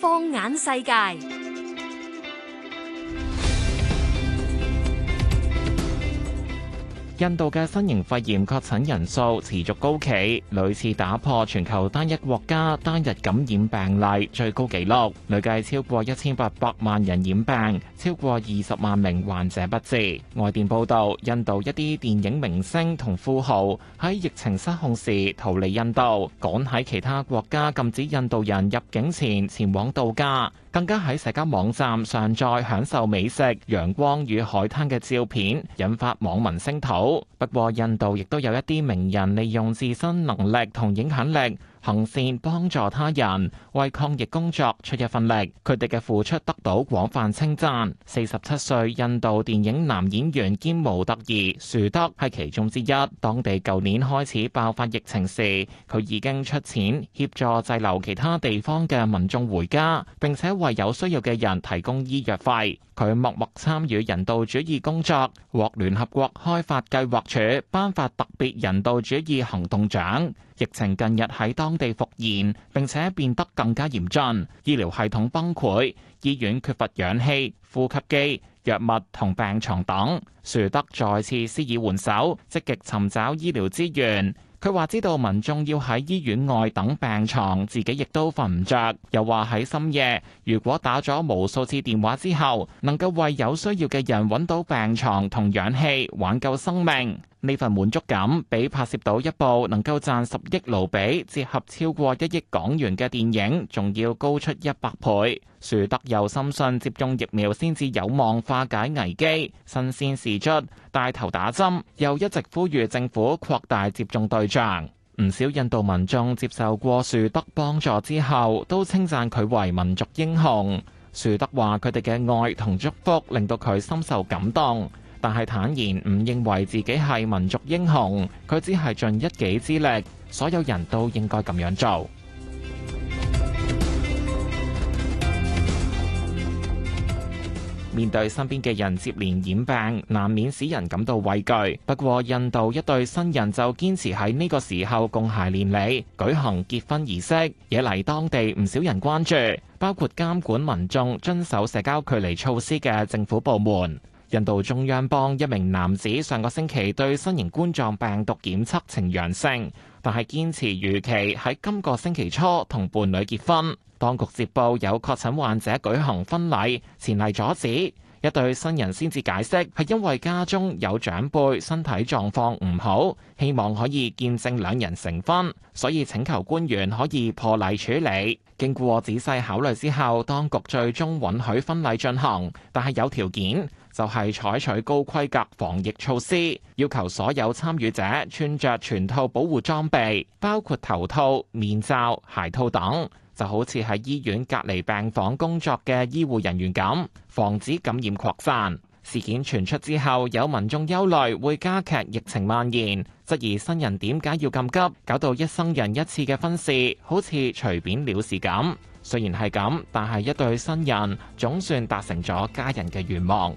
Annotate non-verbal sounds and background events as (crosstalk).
放眼世界。印度嘅新型肺炎確診人數持續高企，屢次打破全球單一國家單日感染病例最高紀錄，累計超過一千八百萬人染病，超過二十萬名患者不治。外電報道，印度一啲電影明星同富豪喺疫情失控時逃離印度，趕喺其他國家禁止印度人入境前前往度假。更加喺社交網站上載享受美食、陽光與海灘嘅照片，引發網民聲討。不過，印度亦都有一啲名人利用自身能力同影響力。行善幫助他人，為抗疫工作出一份力。佢哋嘅付出得到廣泛稱讚。四十七歲印度電影男演員兼模特兒樹德係其中之一。當地舊年開始爆發疫情時，佢已經出錢協助滯留其他地方嘅民眾回家，並且為有需要嘅人提供醫藥費。佢默默參與人道主義工作，獲聯合國開發計劃署頒發特別人道主義行動獎。疫情近日喺當地復燃，並且變得更加嚴峻，醫療系統崩潰，醫院缺乏氧氣、呼吸機、藥物同病床等。樹德再次施以援手，積極尋找醫療資源。佢話知道民眾要喺醫院外等病床，自己亦都瞓唔着。又話喺深夜，如果打咗無數次電話之後，能夠為有需要嘅人揾到病床同氧氣，挽救生命。呢份滿足感比拍攝到一部能夠賺十億盧比、折合超過一億港元嘅電影，仲要高出一百倍。樹德又深信接種疫苗先至有望化解危機。身先士卒，帶頭打針，又一直呼籲政府擴大接種對象。唔少印度民眾接受過樹德幫助之後，都稱讚佢為民族英雄。樹德話：佢哋嘅愛同祝福，令到佢深受感動。但係坦言唔認為自己係民族英雄，佢只係盡一己之力，所有人都應該咁樣做。 (music) 面對身邊嘅人接連染病，難免使人感到畏懼。不過，印度一對新人就堅持喺呢個時候共諧連理，舉行結婚儀式，惹嚟當地唔少人關注，包括監管民眾遵守社交距離措施嘅政府部門。印度中央邦一名男子上個星期對新型冠狀病毒檢測呈陽性，但係堅持如期喺今個星期初同伴侶結婚。當局接報有確診患者舉行婚禮，前嚟阻止。一對新人先至解釋，係因為家中有長輩身體狀況唔好，希望可以見證兩人成婚，所以請求官員可以破例處理。經過仔細考慮之後，當局最終允許婚禮進行，但係有條件，就係採取高規格防疫措施，要求所有參與者穿着全套保護裝備，包括頭套、面罩、鞋套等。就好似喺醫院隔離病房工作嘅醫護人員咁，防止感染擴散。事件傳出之後，有民眾憂慮會加劇疫情蔓延，質疑新人點解要咁急，搞到一生人一次嘅婚事好似隨便了事咁。雖然係咁，但係一對新人總算達成咗家人嘅願望。